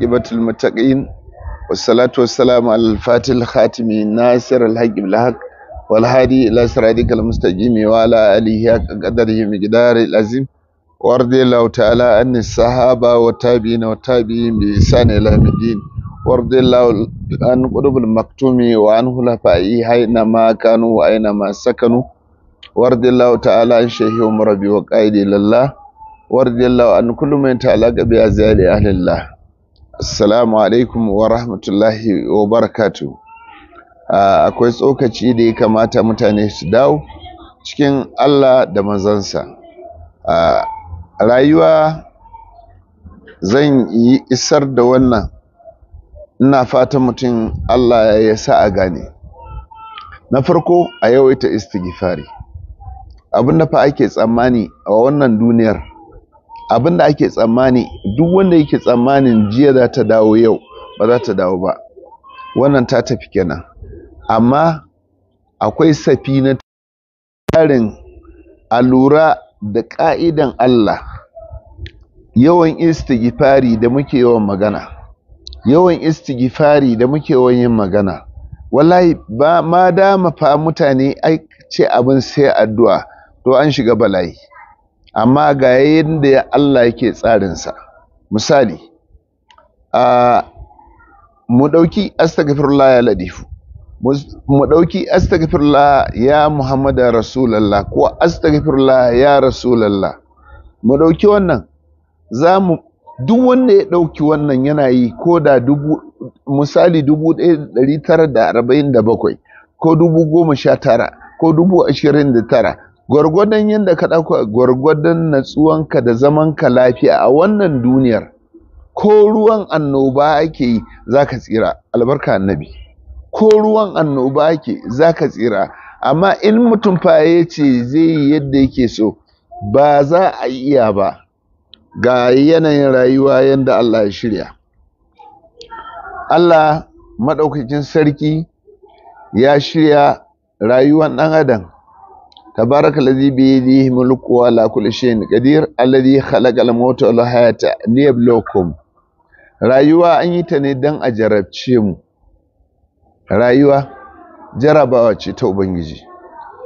ibatul mutaqin wa salatu wassalamu al fatil khatimi nasir al haqq bil haqq wal hadi ila siratik al Assalamu alaikum wa rahmatullahi wa barakatu. Akwai tsokaci da ya kamata mutane su dawo cikin Allah da manzansa. Rayuwa zan yi isar da wannan ina fata mutum Allah ya sa a gane. Na farko a yawaita istighfari. Abin da fa ake tsammani a wannan duniyar. abin ake tsammani duk wanda yake tsammanin jiya za ta dawo yau ba za ta dawo ba wannan ta tafi kenan amma akwai safi na tarin lura da ƙa'idan Allah yawan istighfari da muke yawan magana yawan istighfari da muke yawan yin magana wallahi ba ma dama fa mutane ai ce abin sai addu'a to an shiga bala'i amma ga yadda Allah yake tsarinsa misali a mu ɗauki astaghfirullah ya ladifu mu ɗauki astaghfirullah ya muhammada rasulallah ko astaghfirullah ya rasulallah mu ɗauki wannan za mu duk wanda ya ɗauki wannan yana yi ko da dubu misali dubu ɗaya ɗari tara da arba'in da bakwai ko dubu goma sha tara ko dubu ashirin da tara gwargwadon yadda ka ɗauka gwargwadon natsuwanka da zamanka lafiya a wannan duniyar ko ruwan annoba ake yi za ka tsira albarka annabi ko ruwan annoba ake za ka tsira amma in mutum fa ya ce zai yi yadda yake so ba za a iya ba ga yanayin rayuwa yadda Allah ya shirya Allah maɗaukakin sarki ya shirya rayuwan ɗan adam تبارك الذي بيده ملك وعلى كل شيء قدير الذي خلق الموت والحياة ليبلوكم rayuwa an yi ta ne don a jarabce mu rayuwa jarabawa ce ta ubangiji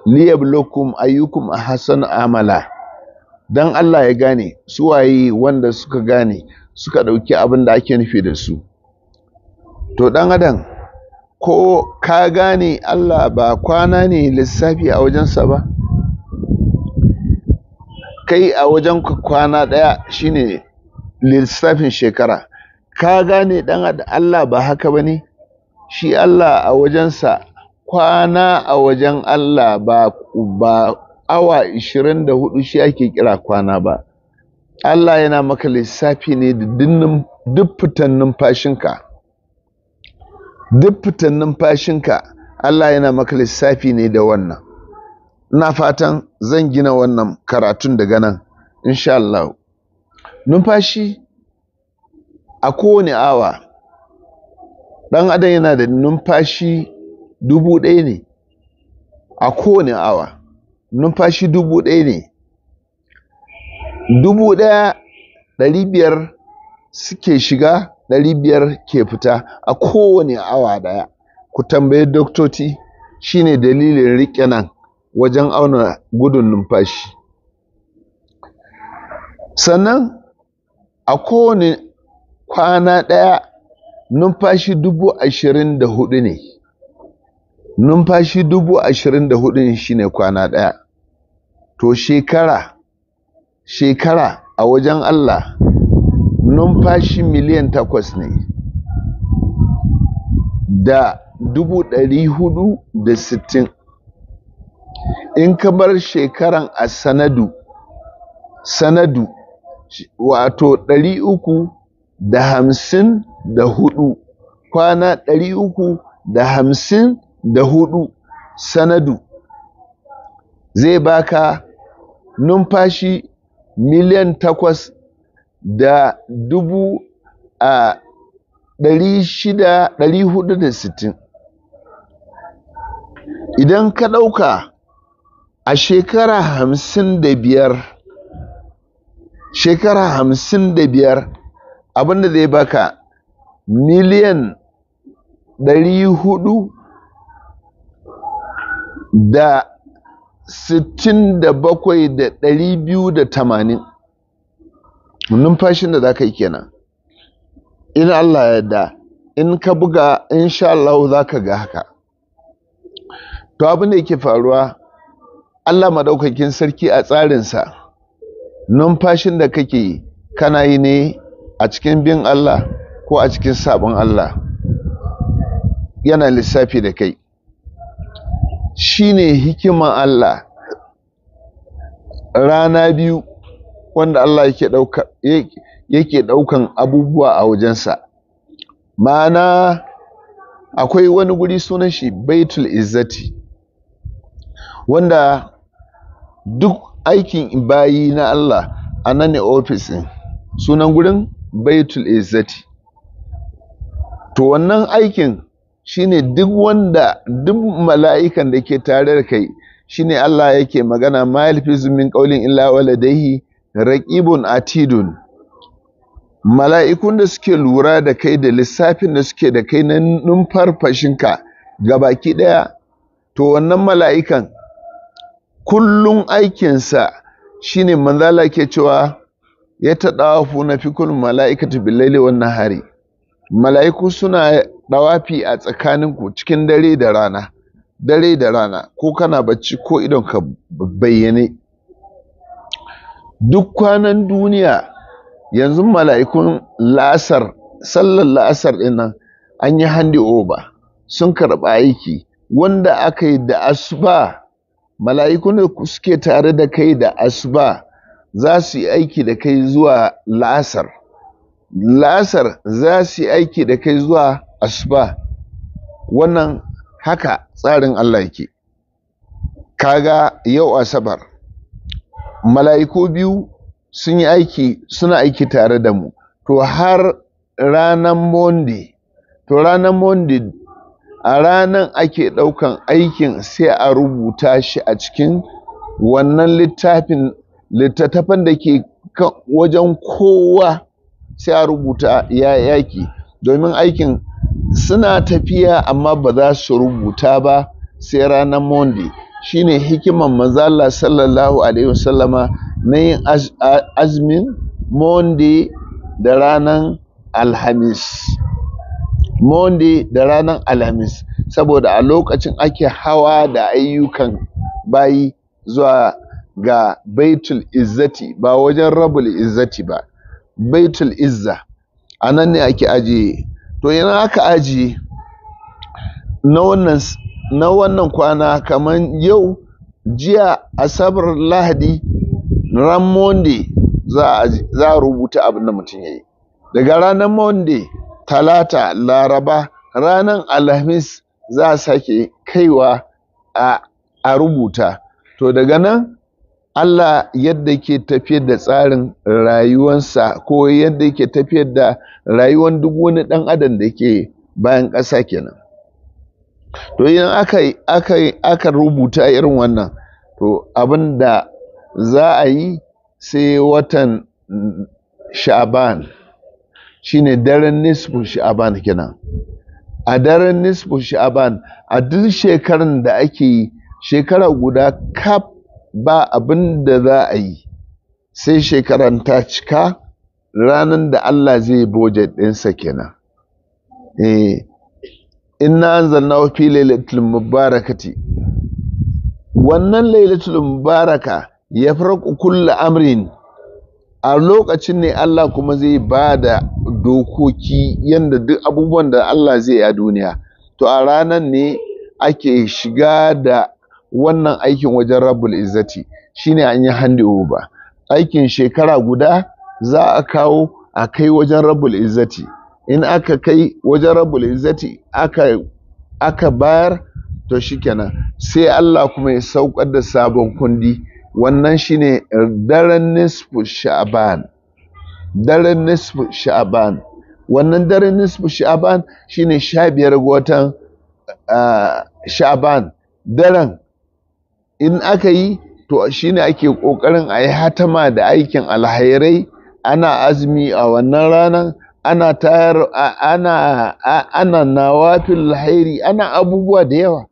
liyablukum ayyukum ahsan amala dan Allah ya gane su waye wanda suka gane suka ɗauki abin da ake nufi da su to dan adam ko ka gane Allah ba kwana ne lissafi a wajensa ba kai a wajen kwana ɗaya shine lissafin shekara ka gane dan Allah ba haka ba ne shi Allah a wajensa kwana a wajen Allah ba ba awa 24 shi ake kira kwana ba Allah yana maka lissafi ne da dinnin duk fitan numfashinka duk fitan numfashinka Allah yana maka lissafi ne da wannan ina fatan zan gina wannan karatun daga nan insha Allah numfashi a kowane awa ɗan adam yana da numfashi dubu ɗaya ne a kowane awa numfashi dubu ɗaya ne dubu ɗaya ɗari biyar suke shiga ɗari biyar ke fita a kowane awa ɗaya ku tambayi doktoci shine dalilin riƙe nan wajen auna gudun numfashi sannan a kowane kwana ɗaya numfashi dubu ashirin da hudu ne numfashi dubu ashirin da hudu ne shine kwana ɗaya to shekara shekara a wajen Allah numfashi miliyan takwas ne da dubu ɗari hudu da sittin in ka bar shekaran a sanadu sanadu wato ɗari uku da hamsin da hudu kwana ɗari uku da hamsin da hudu sanadu zai baka numfashi miliyan takwas da dubu a ɗari shida ɗari hudu da sittin idan ka ɗauka a shekara hamsin da biyar shekara hamsin da biyar abinda zai baka miliyan ɗari hudu da sittin da bakwai da ɗari biyu da tamanin numfashin da za ka yi kenan in Allah ya da in ka buga in sha Allah za ka ga haka to abin da yake faruwa Allah madaukakin sarki a tsarinsa numfashin da kake kana yi ne a cikin bin Allah ko a cikin sabon Allah yana lissafi da kai shine ne hikiman Allah rana biyu wanda Allah yake ɗaukan abubuwa a wajensa ma'ana akwai wani guri sunan shi baitul izzati wanda duk aikin bayi na Allah a nan ne ofis ɗin sunan gurin baitul izzati to wannan aikin shine duk wanda duk mala'ikan da ke tare da kai shine Allah yake magana ma yalfizu min qawlin illa waladaihi raqibun atidun mala'ikun da suke lura da kai da lissafin da suke da kai na numfarfashinka ga baki ɗaya, to wannan mala'ikan kullum aikinsa shi ne manzala ke cewa ya taɗawafu na fi kun mala'ikatu billaili wannan hari mala'iku suna ɗawafi a tsakaninku cikin dare da rana dare da rana ko kana bacci ko idon ka bayyane duk kwanan duniya yanzu mala'ikun la'asar sallar la'asar ɗinnan an yi handi oba sun karɓa aiki wanda aka yi da asuba mala'ikun da suke tare da kai da asuba za su yi aiki da kai zuwa la'asar la'asar za su yi aiki da kai zuwa asuba wannan haka tsarin Allah yake kaga yau asabar mala'iku biyu sun yi aiki suna aiki tare da mu to har ranar monday to ranar monday a ranar ake ɗaukan aikin sai a rubuta shi a cikin wannan littafin littattafan da ke wajen kowa sai a rubuta ya yaki domin aikin suna tafiya amma ba za su rubuta ba sai ranar monday shine hikimar manzala sallallahu alaihi wasallama na yin azumin monday da ranar alhamis monday da ranar alhamis saboda a lokacin ake hawa da ayyukan bayi zuwa ga baitul izzati ba wajen rabul izzati ba baitul izza a nan ne ake ajiye to yana aka ajiye na wannan kwana kamar yau jiya asabar lahadi ran monday za a rubuta abin da mutum ya yi daga ranar monday talata laraba ranar alhamis za a sake kaiwa a, rubuta to daga nan Allah yadda ke tafiyar da tsarin rayuwansa ko yadda ke tafiyar da rayuwan duk wani ɗan adam da ke bayan ƙasa kenan to idan aka, aka, aka rubuta irin wannan to abin da za a yi sai watan sha'ban shine daren nisfu sha'ban kenan a daren nisfu sha'ban a duk shekarun da ake yi shekara guda kaf ba abin da za a yi sai shekaran ta cika ranar da Allah zai boje ɗinsa kenan eh inna anzalna fi lailatul mubarakati wannan lailatul mubaraka ya farku kullu amrin a lokacin ne Allah kuma zai ba da dokoki yadda duk abubuwan da Allah zai yi a duniya to a ranar ne ake shiga da wannan aikin wajen rabbul izzati shine an yi handi ba aikin shekara guda za a kawo a kai wajen rabbul izzati in aka kai wajen rabbul izzati aka bayar to shikenan sai Allah kuma ya saukar da sabon kundi wannan shine daren nisfu sha'ban daren nisfu sha'ban wannan daren nisfu sha'ban shine sha biyar ga watan sha'ban daren in aka yi to shine ake ƙoƙarin a yi hatama da aikin alhairai ana azumi a wannan ranar ana tayar ana ana nawafil alhairi ana abubuwa da yawa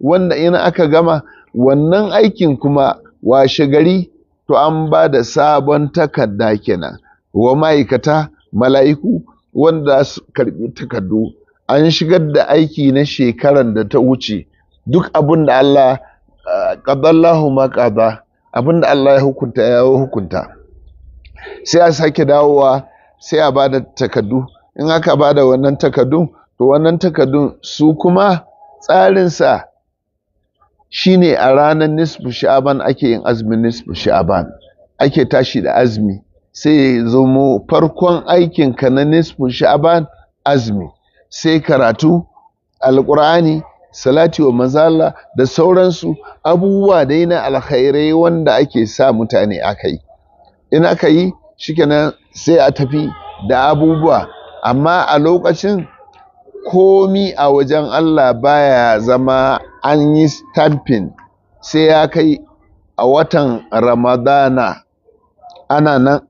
wanda in aka gama wannan aikin kuma washe gari to an ba da sabon takarda kenan wa ma'aikata mala'iku wanda su karɓi takardu an shigar da aiki na shekaran da ta wuce duk abin da Allah eh, qadallahu ma qada abin da Allah ya hukunta ya hukunta sai a sake dawowa sai a ba da takardu in aka ba da wannan takardun to wannan takardun su kuma tsarinsa shine a ranar nisfu sha'aban ake yin azumin nisfu sha'aban ake tashi da azumi sai ya zamo farkon aikinka na nisfu sha'aban azumi sai karatu alkur'ani salati wa mazala da sauransu abubuwa da yana alkhairai wanda ake sa mutane aka yi in aka yi shikenan sai a tafi da abubuwa amma a lokacin komi a wajen Allah baya zama an yi stamping sai ya kai a watan Ramadana ana nan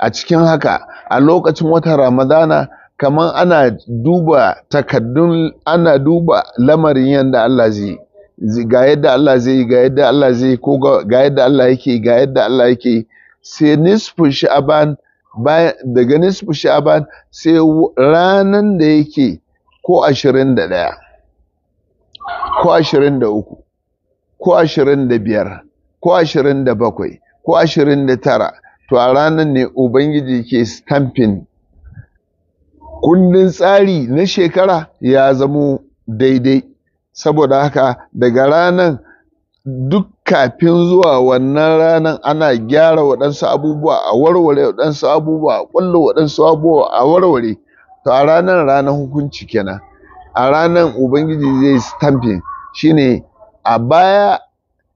a cikin haka a lokacin watan Ramadana kamar ana duba takaddun ana duba lamarin yadda Allah zai yi ga yadda Allah zai yi ga yadda Allah zai yi ko ga yadda Allah yake ga yadda Allah yake sai nisfu sha'ban daga nisfu sha'ban sai ranan da yake ko ashirin da ɗaya ko ashirin da uku ko ashirin da biyar ko ashirin da bakwai ko ashirin da tara to a ranar ne ubangiji ke stamfin kundin tsari na shekara ya zamo daidai saboda haka daga ranar duk kafin zuwa wannan ranar ana gyara waɗansu abubuwa a warware waɗansu abubuwa a ƙwallo waɗansu abubuwa a warware to a ranar ranar hukunci kenan a ranar ubangiji zai stamping shine a baya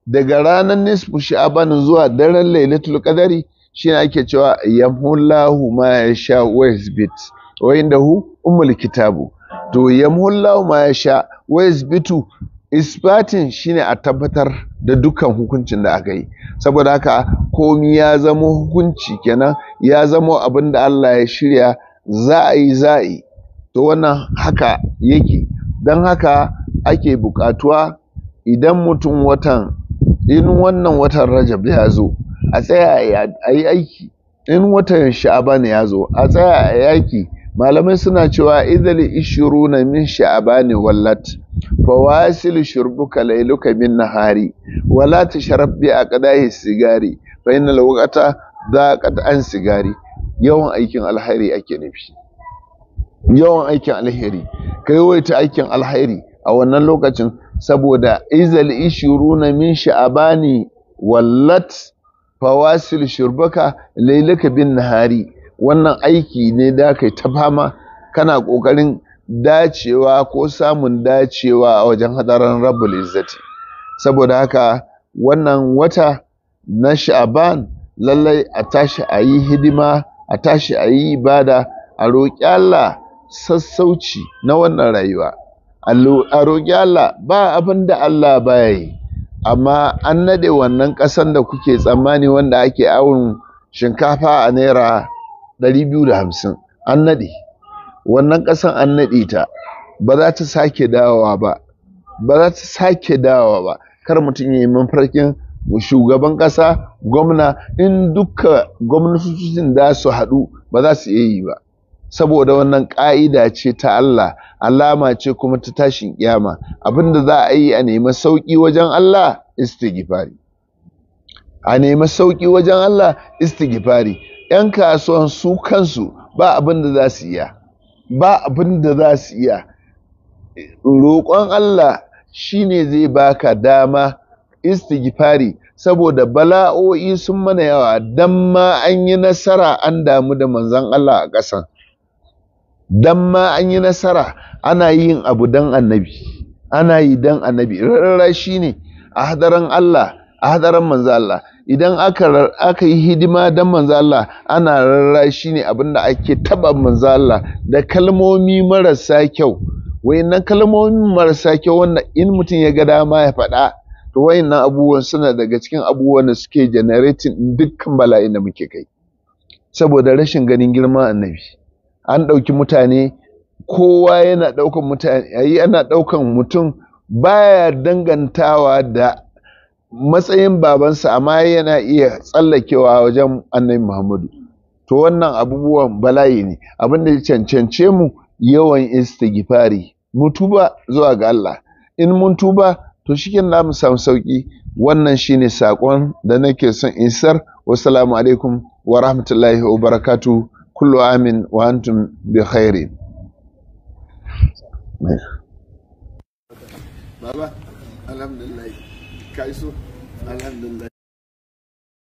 daga ranar nisfu sha'aban zuwa daren lailatul qadari shine ake cewa yamhullahu ma yasha wa bit? wa indahu ummul kitabu to yamhullahu ma yasha wa yathbitu isbatin shine a tabbatar da dukkan hukuncin da aka yi saboda haka komi ya zama hukunci kenan ya zamo abin da Allah ya shirya za a yi za a yi to wannan haka yake don haka ake buƙatuwa idan mutum watan in wannan watan rajab ya zo a tsaya a yi aiki in watan sha'aban ya zo a tsaya a yi aiki. malamai suna cewa idal na min sha'abani wallat fa wasil shurbuka lailuka min nahari wala tashrab bi aqdahi sigari fa innal waqata daqat an sigari yawan aikin alheri ake nufi yawan aikin alheri wai ta aikin alheri a wannan lokacin saboda izal na min sha'abani wallat fawasil Shurbaka lailaka bin nahari wannan aiki ne da kai ta fama kana kokarin dacewa ko samun dacewa a wajen hadaran rabbul izzati saboda haka wannan wata na sha'aban lallai a tashi a yi hidima a tashi a yi ibada a roƙi Allah sassauci na wannan rayuwa a roƙi Allah ba abin da Allah baya yi amma an nade wannan ƙasan da kuke tsammani wanda ake awon shinkafa a naira 250 an nade wannan ƙasan an nade ta ba za ta sake dawowa ba ba za ta sake dawowa ba kar mutum ya yi mafarkin shugaban ƙasa gwamna in duka gwamnatocin da su haɗu ba za su iya yi ba saboda wannan ƙa'ida ce ta Allah alama ce kuma ta tashin kyama abinda za a yi a nemi sauƙi wajen Allah istighfari a nemi sauƙi wajen Allah istighfari yan kasuwan su kansu ba abin da za su iya ba abin da za su iya roƙon Allah shine zai baka dama istighfari saboda bala'o'i sun mana yawa dan ma an yi nasara an damu da manzon Allah a ƙasan dan ma an yi nasara ana yin abu dan annabi ana yi dan annabi rarra shine a hadaran Allah a hadaran manzo Allah idan aka aka yi hidima dan manzo Allah ana rarra shine abinda ake taba manzo Allah da kalmomi marasa kyau wayannan kalmomin marasa kyau wanda in mutum ya ga dama ya faɗa to wayannan abubuwan suna daga cikin abubuwan da suke generating dukkan bala'in da muke kai saboda rashin ganin girman annabi an ɗauki mutane kowa yana ɗaukan mutane yana ɗaukan mutum baya dangantawa da matsayin babansa amma yana iya tsallakewa wajen annabi muhammadu to wannan abubuwan bala'i ne abin da cancance mu yawan istighfari mutuba zuwa ga Allah in mun tuba to shikenan za mu samu sauki wannan shine sakon da nake son isar wassalamu alaikum wa rahmatullahi wa barakatu kullu amin wa antum bi khairi baba alhamdulillah kai so alhamdulillah